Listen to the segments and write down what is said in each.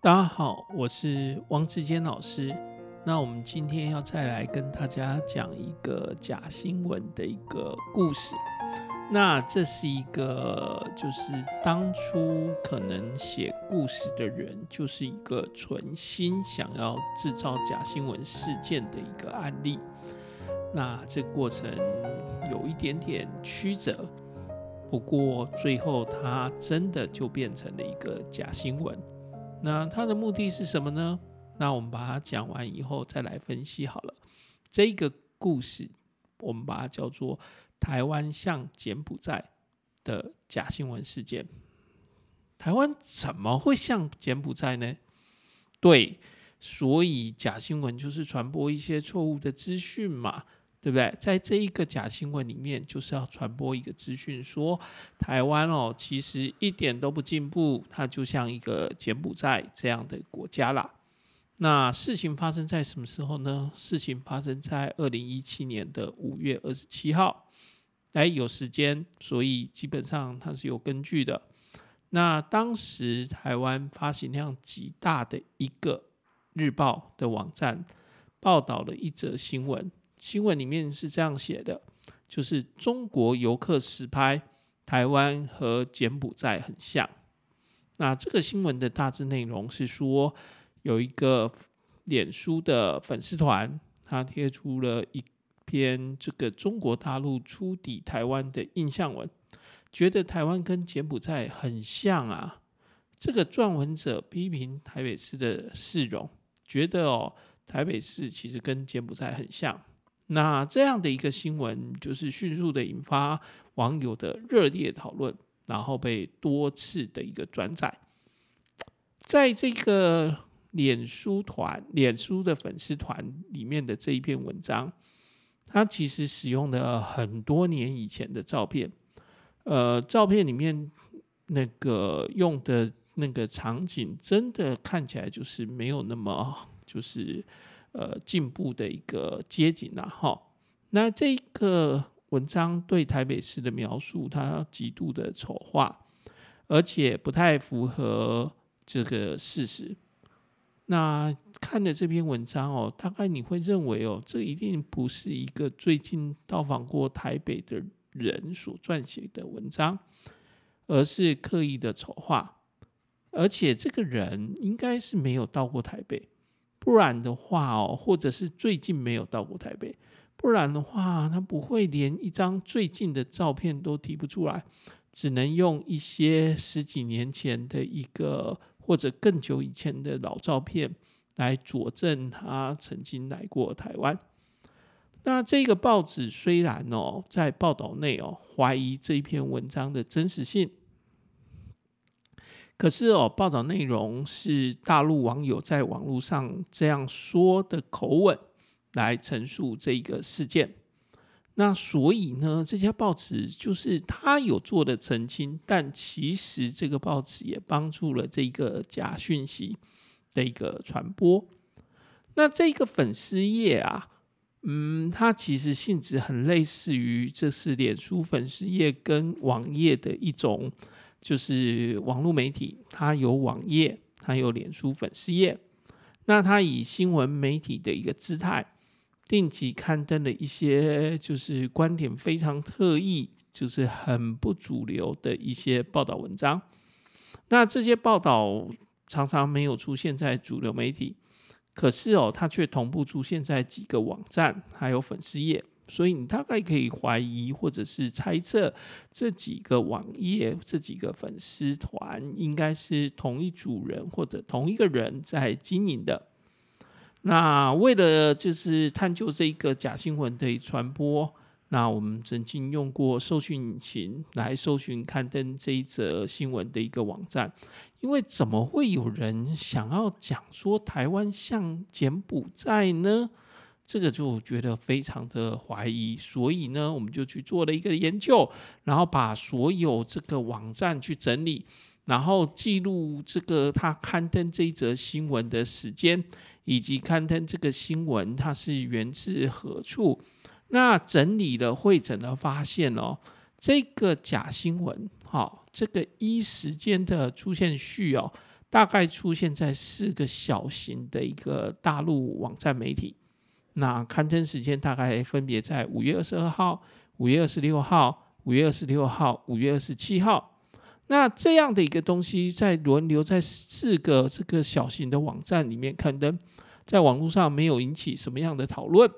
大家好，我是汪志堅老師。那我們今天要再來跟大家講一個假新聞的一個故事。那這是一個，就是當初可能寫故事的人，就是一個存心想要制造假新聞事件的一個案例。那這過程有一點點曲折，不過最後它真的就變成了一個假新聞。那它的目的是什麼呢？那我們把它講完以後再來分析好了。這個故事，我們把它叫做台灣像柬埔寨的假新聞事件。台灣怎麼會像柬埔寨呢？對，所以假新聞就是傳播一些錯誤的資訊嘛。對不對？在這一個假新聞裡面，就是要傳播一個資訊說，說台灣哦，其實一點都不進步，它就像一個柬埔寨這樣的國家啦。那事情發生在什麼時候呢？事情發生在二零一七年的五月二十七號。哎，有時間，所以基本上它是有根據的。那當時台灣發行量極大的一個日報的網站，報道了一則新聞。新聞裡面是這樣寫的，就是中國遊客實拍台灣和柬埔寨很像。那這個新聞的大致內容是說，有一個臉書的粉絲團，他貼出了一篇這個中國大陸初抵台灣的印象文，覺得台灣跟柬埔寨很像啊。這個撰文者批評台北市的市容，覺得哦，台北市其實跟柬埔寨很像。那這樣的一個新聞，就是迅速的引發網友的熱烈討論，然後被多次的一個轉載。在這個臉書團、臉書的粉絲團裡面的這一篇文章，它其實使用了很多年以前的照片，呃，照片裡面那個用的那個場景，真的看起來就是沒有那麼就是。呃，進步的一個街景啦，啊，哈。那這個文章對台北市的描述，它極度的醜化，而且不太符合這個事實。那看了這篇文章哦，大概你會認為哦，這一定不是一個最近到訪過台北的人所撰寫的文章，而是刻意的醜化，而且這個人應該是沒有到過台北。不然的話哦，或者是最近沒有到過台北，不然的話他不會連一張最近的照片都提不出來，只能用一些十幾年前的一個或者更久以前的老照片來佐證他曾經來過台灣。那這個報紙雖然哦，在報道內哦懷疑這篇文章的真實性。可是哦，報道內容是大陸網友在網路上這樣說的口吻來陳述這個事件。那所以呢，這家報紙就是他有做的澄清，但其實這個報紙也幫助了這個假訊息的一個傳播。那這個粉絲頁啊，嗯，它其實性質很類似於這是臉書粉絲頁跟網頁的一種。就是網絡媒體，它有網頁，它有臉書粉絲頁。那它以新聞媒體的一個姿態，定期刊登了一些就是觀點非常特異，就是很不主流的一些報道文章。那這些報道常常沒有出現在主流媒體，可是哦，它卻同步出現在幾個網站，還有粉絲頁。所以你大概可以懷疑或者是猜測，這幾個網頁、這幾個粉絲團應該是同一組人或者同一個人在經營的。那為了就是探究這一個假新聞的傳播，那我們曾經用過搜尋引擎來搜尋刊登這一則新聞的一個網站，因為怎麼會有人想要講說台灣像柬埔寨呢？這個就覺得非常的懷疑，所以呢，我們就去做了一個研究，然後把所有這個網站去整理，然後記錄這個他刊登這一則新聞的時間，以及刊登這個新聞它是源自何處。那整理了匯整的發現哦，這個假新聞，好，這個依時間的出現序、哦、大概出現在四個小型的一個大陸網站媒體。那刊登時間大概分別在五月二十二號、五月二十六號、五月二十六號、五月二十七號。那這樣的一個東西在輪流在四個這個小型的網站裡面刊登，在網絡上沒有引起什麼樣的討論。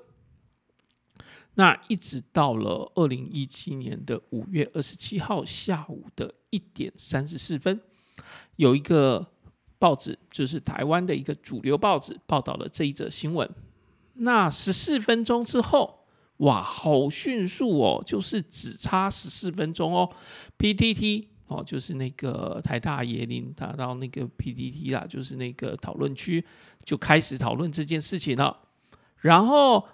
那一直到了二零一七年的五月二十七號下午的一點三十四分，有一個報紙，就是台灣的一個主流報紙，報道了這一則新聞。那十四分鐘之後，哇，好迅速哦，就是只差十四分鐘哦。PTT 哦，就是那個台大爺林達到那個 PTT 啦，就是那個討論區就開始討論這件事情了，然後。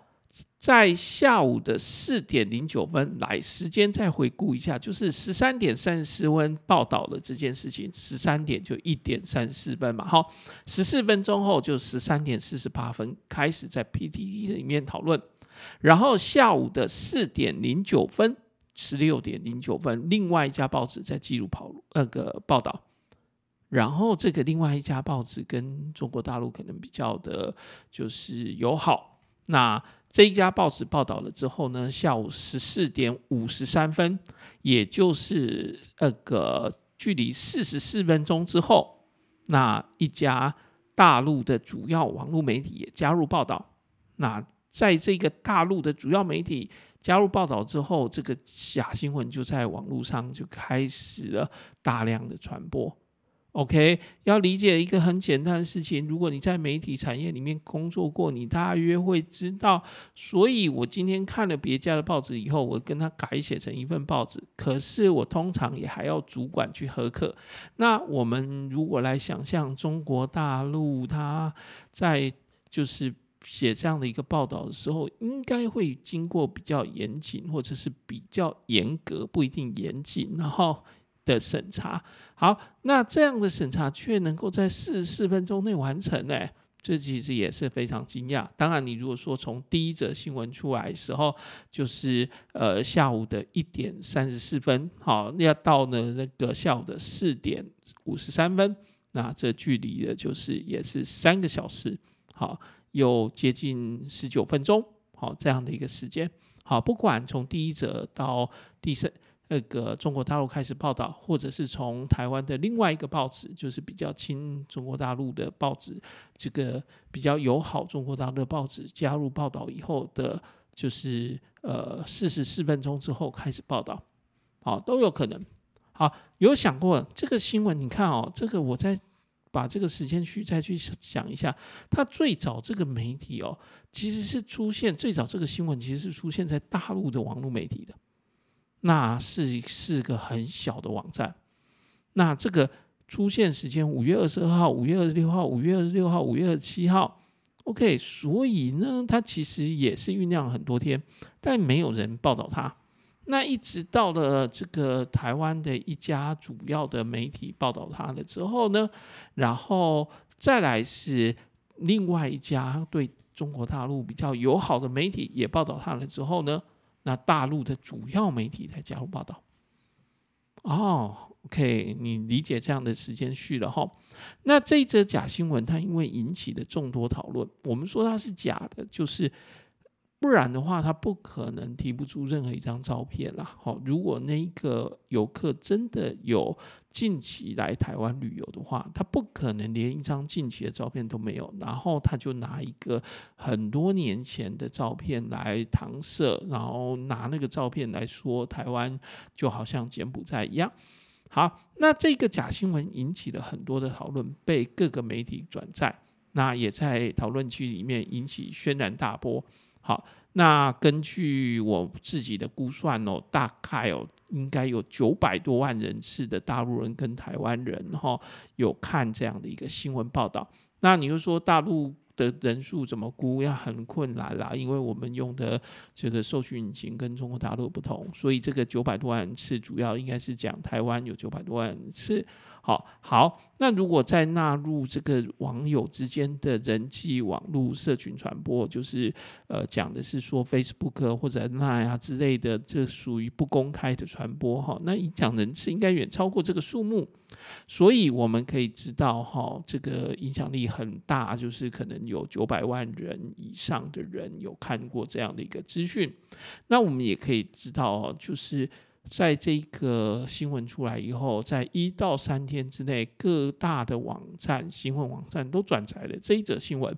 在下午的四點零九分來時間再回顧一下，就是十三點三十四分報道了這件事情，十三點就一點三十四分嘛，好，十四分鐘後就十三點四十八分開始在 PTT 裡面討論，然後下午的四點零九分，十六點零九分，另外一家報紙在記錄跑那個報道，然後這個另外一家報紙跟中國大陸可能比較的，就是友好那。這一家報紙報道了之後呢，下午十四點五十三分，也就是那個距離四十四分鐘之後，那一家大陸的主要網絡媒體也加入報道那在這個大陸的主要媒體加入報道之後，這個假新聞就在網絡上就開始了大量的傳播。OK，要理解一個很簡單的事情。如果你在媒體產業裡面工作過，你大約會知道。所以我今天看了別家的報紙以後，我跟他改寫成一份報紙。可是我通常也還要主管去核課。那我們如果來想象中國大陸，他在就是寫這樣的一個報道的時候，應該會經過比較嚴謹，或者是比較嚴格，不一定嚴謹。然後。的審查，好，那這樣的審查卻能夠在四十四分鐘內完成呢？這其實也是非常驚訝。當然，你如果說從第一則新聞出來的時候，就是呃下午的一點三十四分，好，要到呢那個下午的四點五十三分，那這距離的就是也是三個小時，好，又接近十九分鐘，好，這樣的一個時間，好，不管從第一則到第三。那個中國大陸開始報道，或者是從台灣的另外一個報紙，就是比較親中國大陸的報紙，這個比較友好中國大陸的報紙加入報道以後的，就是呃四十四分鐘之後開始報道，好都有可能。好，有想過這個新聞？你看哦，這個我再把這個時間去再去想一下。他最早這個媒體哦，其實是出現最早這個新聞，其實是出現在大陸的網絡媒體的。那是一是個很小的網站，那這個出現時間五月二十二號、五月二十六號、五月二十六號、五月二十七號，OK，所以呢，它其實也是醞釀了很多天，但沒有人報道它。那一直到了這個台灣的一家主要的媒體報道它了之後呢，然後再來是另外一家對中國大陸比較友好的媒體也報道它了之後呢。那大陸的主要媒體才加入報道。哦、oh，OK，你理解這樣的時間序了哈？那這則假新聞它因為引起的眾多討論，我們說它是假的，就是。不然的話，他不可能提不出任何一張照片了。好，如果那一個遊客真的有近期來台灣旅遊的話，他不可能連一張近期的照片都沒有，然後他就拿一個很多年前的照片來搪塞，然後拿那個照片來說台灣就好像柬埔寨一樣。好，那這個假新聞引起了很多的討論，被各個媒體轉載，那也在討論區裡面引起軒然大波。好，那根據我自己的估算哦，大概哦應該有九百多萬人次的大陸人跟台灣人哈有看這樣的一個新聞報道。那你就說大陸。的人數怎麼估，要、啊、很困難啦，因為我們用的這個搜尋引擎跟中國大陸不同，所以這個九百多萬人次，主要應該是講台灣有九百多萬人次。好，好，那如果再納入這個網友之間的人際網絡社群傳播，就是呃講的是說 Facebook 或者 Line 啊之類的，這屬於不公開的傳播，哈、喔，那影響人次應該遠超過這個數目。所以我們可以知道，哈，這個影響力很大，就是可能有九百萬人以上的人有看過這樣的一個資訊。那我們也可以知道，就是在這個新聞出來以後，在一到三天之內，各大的網站、新聞網站都轉載了這一則新聞。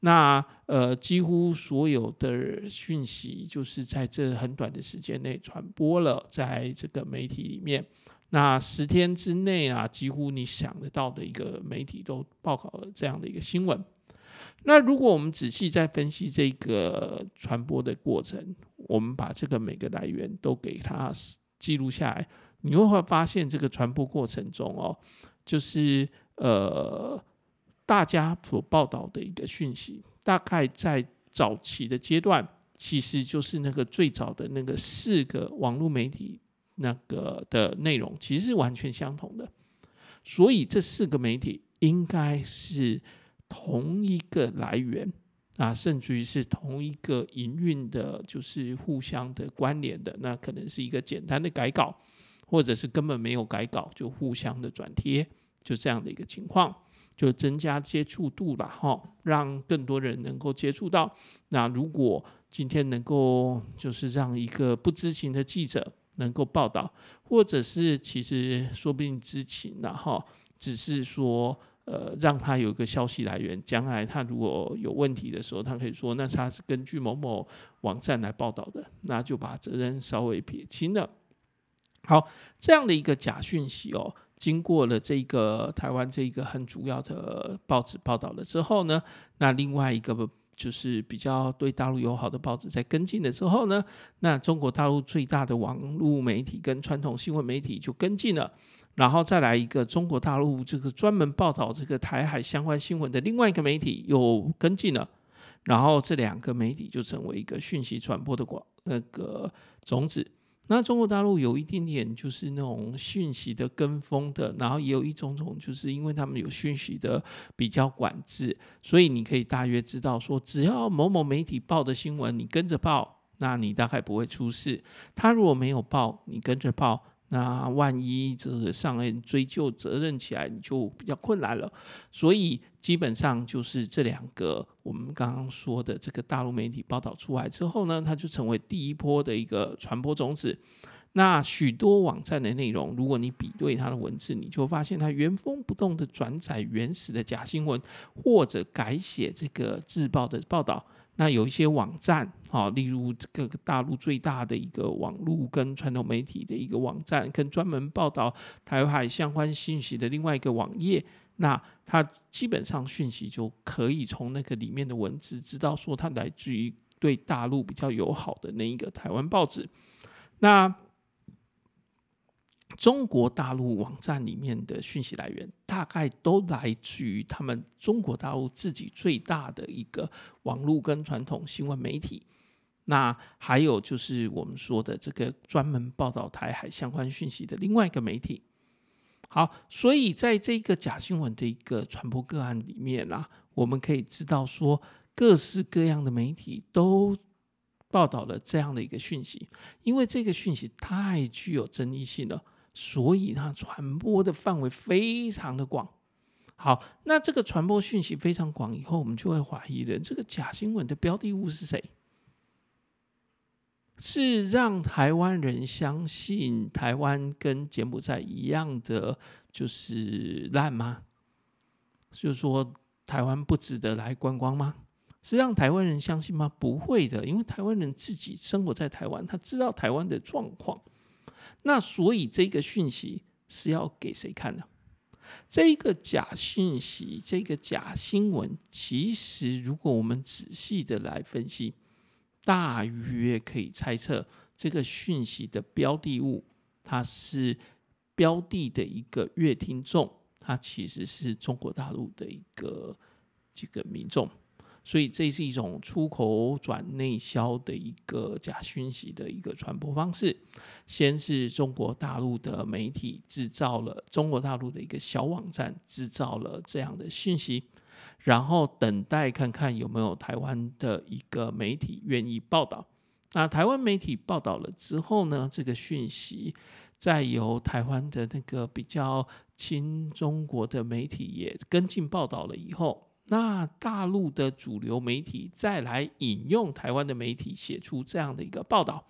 那呃，幾乎所有的訊息，就是在這很短的時間內傳播了，在這個媒體裡面。那十天之內啊，幾乎你想得到的一個媒體都報導了這樣的一個新聞。那如果我們仔細再分析這個傳播的過程，我們把這個每個來源都給它記錄下來，你會會發現這個傳播過程中哦，就是呃，大家所報道的一個訊息，大概在早期的階段，其實就是那個最早的那個四個網絡媒體。那個的內容其實是完全相同的，所以這四個媒體應該是同一個來源啊，甚至於是同一個營運的，就是互相的關聯的。那可能是一個簡單的改稿，或者是根本沒有改稿就互相的轉貼，就這樣的一個情況，就增加接觸度啦，哈，讓更多人能夠接觸到。那如果今天能夠就是讓一個不知情的記者。能夠報道，或者是其實說不定知情啊，然後只是說呃，讓他有一個消息來源，將來他如果有問題的時候，他可以說，那他是根據某某網站來報道的，那就把責任稍微撇清了。好，這樣的一個假訊息哦，經過了這個台灣這一個很主要的報紙報道了之後呢，那另外一個。就是比較對大陸友好的報紙在跟進的時候呢，那中國大陸最大的網絡媒體跟傳統新聞媒體就跟進了，然後再來一個中國大陸這個專門報道這個台海相關新聞的另外一個媒體又跟進了，然後這兩個媒體就成為一個訊息傳播的廣那個種子。那中國大陸有一點點就是那種訊息的跟風的，然後也有一種種，就是因為他們有訊息的比較管制，所以你可以大約知道說，只要某某媒體報的新聞，你跟着報，那你大概不會出事。他如果沒有報，你跟着報。那萬一這個上任追究責任起來，你就比較困難了。所以基本上就是這兩個我們剛剛說的這個大陸媒體報道出來之後呢，它就成為第一波的一個傳播種子。那許多網站的內容，如果你比對它的文字，你就發現它原封不動地轉載原始的假新聞，或者改寫這個自爆的報道那有一些網站啊，例如這個大陸最大的一個網絡跟傳統媒體的一個網站，跟專門報道台海相關信息的另外一個網頁，那它基本上訊息就可以從那個裡面的文字知道說它來自於對大陸比較友好的那一個台灣報紙，那。中國大陸網站裡面的訊息來源，大概都來自於他們中國大陸自己最大的一個網絡跟傳統新聞媒體。那還有就是我們說的這個專門報道台海相關訊息的另外一個媒體。好，所以在這個假新聞的一個傳播個案裡面啊，我們可以知道說，各式各樣的媒體都報道了這樣的一個訊息，因為這個訊息太具有爭議性了。所以它傳播的範圍非常的廣。好，那這個傳播訊息非常廣以後，我們就會懷疑的，這個假新聞的標的物是誰？是讓台灣人相信台灣跟柬埔寨一樣的就是爛嗎？就是說台灣不值得來觀光嗎？是讓台灣人相信嗎？不會的，因為台灣人自己生活在台灣，他知道台灣的狀況。那所以這個訊息是要給誰看呢？這個假訊息、這個假新聞，其實如果我們仔細的來分析，大約可以猜測，這個訊息的標的物，它是標的的一個閱聽眾，它其實是中國大陸的一個這個民眾。所以這是一種出口轉內銷的一個假訊息的一個傳播方式。先是中國大陸的媒體製造了中國大陸的一個小網站，製造了這樣的訊息，然後等待看看有沒有台灣的一個媒體願意報道。那台灣媒體報道了之後呢，這個訊息再由台灣的那個比較親中國的媒體也跟進報道了以後。那大陸的主流媒體再來引用台灣的媒體寫出這樣的一個報道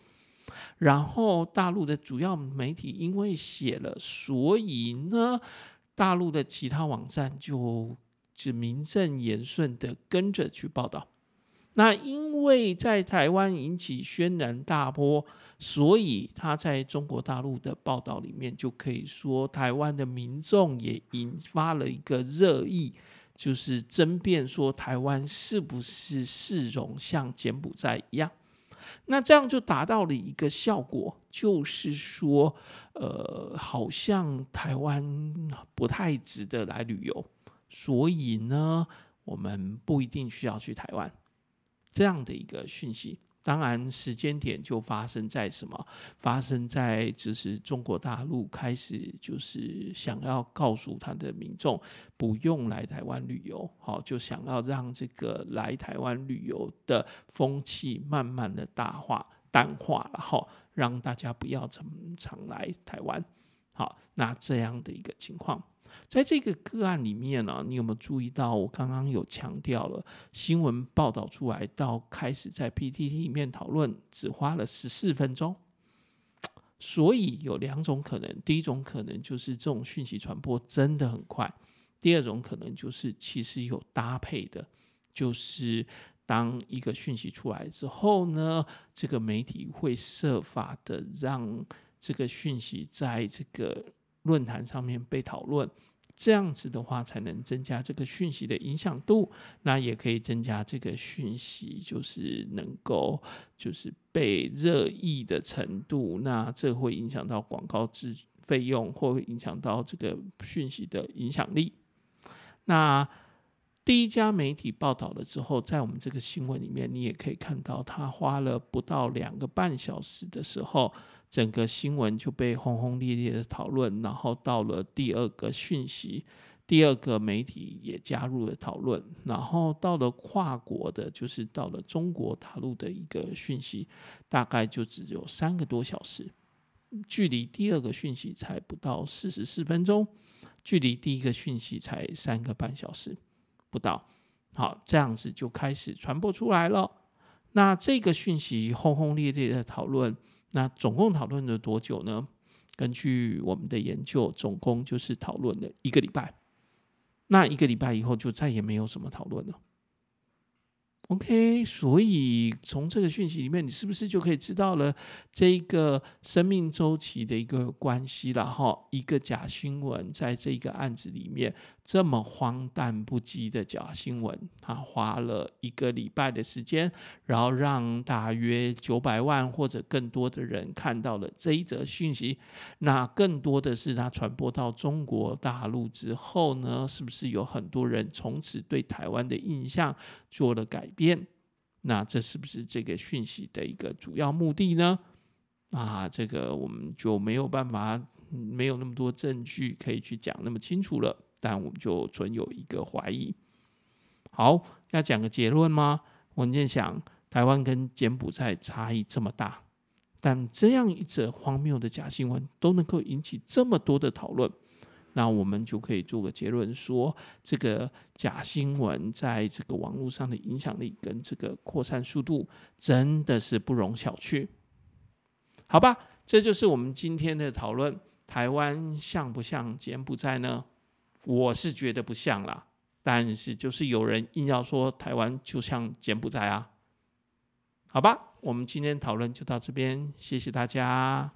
然後大陸的主要媒體因為寫了，所以呢，大陸的其他網站就就名正言順的跟着去報道。那因為在台灣引起軒然大波，所以他在中國大陸的報道裡面就可以說，台灣的民眾也引發了一個熱議。就是爭辯說，台灣是不是市容像柬埔寨一樣？那這樣就達到了一個效果，就是說，呃，好像台灣不太值得來旅遊，所以呢，我們不一定需要去台灣這樣的一個訊息。當然，時間點就發生在什麼？發生在就是中國大陸開始就是想要告訴他的民眾，不用來台灣旅遊，好，就想要讓這個來台灣旅遊的風氣慢慢的大化，淡化，然後讓大家不要這麼常來台灣。好，那這樣的一個情況。在這個個案裡面呢、啊，你有沒有注意到？我剛剛有強調了，新聞報道出來到開始在 PTT 裡面討論，只花了十四分鐘。所以有兩種可能：第一種可能就是這種訊息傳播真的很快；第二種可能就是其實有搭配的，就是當一個訊息出來之後呢，這個媒體會設法的讓這個訊息在這個論壇上面被討論，這樣子的話才能增加這個訊息的影響度，那也可以增加這個訊息就是能夠就是被熱議的程度，那這會影響到廣告資費用或會影響到這個訊息的影響力。那第一家媒體報道了之後，在我們這個新聞裡面，你也可以看到，他花了不到兩個半小時的時候。整個新聞就被轟轟烈烈的討論，然後到了第二個訊息，第二個媒體也加入了討論，然後到了跨國的，就是到了中國大陸的一個訊息，大概就只有三個多小時，距離第二個訊息才不到四十四分鐘，距離第一個訊息才三個半小時不到，好，這樣子就開始傳播出來了。那這個訊息轟轟烈烈的討論。那總共討論了多久呢？根據我們的研究，總共就是討論了一個禮拜。那一個禮拜以後就再也沒有什麼討論了。OK，所以從這個訊息裡面，你是不是就可以知道了這個生命週期的一個關係了？哈，一個假新聞在這個案子裡面。這麼荒誕不羈的假新聞，他花了一個禮拜的時間，然後讓大約九百萬或者更多的人看到了這一則訊息。那更多的是他傳播到中國大陸之後呢？是不是有很多人從此對台灣的印象做了改變？那這是不是這個訊息的一個主要目的呢？啊，這個我們就沒有辦法，沒有那麼多證據可以去講那麼清楚了。但我們就存有一個懷疑。好，要講個結論嗎？我們想台灣跟柬埔寨差異這麼大，但這樣一則荒謬的假新聞都能夠引起這麼多的討論，那我們就可以做個結論說，這個假新聞在這個網絡上的影響力跟這個擴散速度真的是不容小覷。好吧，這就是我們今天的討論：台灣像不像柬埔寨呢？我是覺得不像啦，但是就是有人硬要說台灣就像柬埔寨啊。好吧，我們今天討論就到這邊，謝謝大家。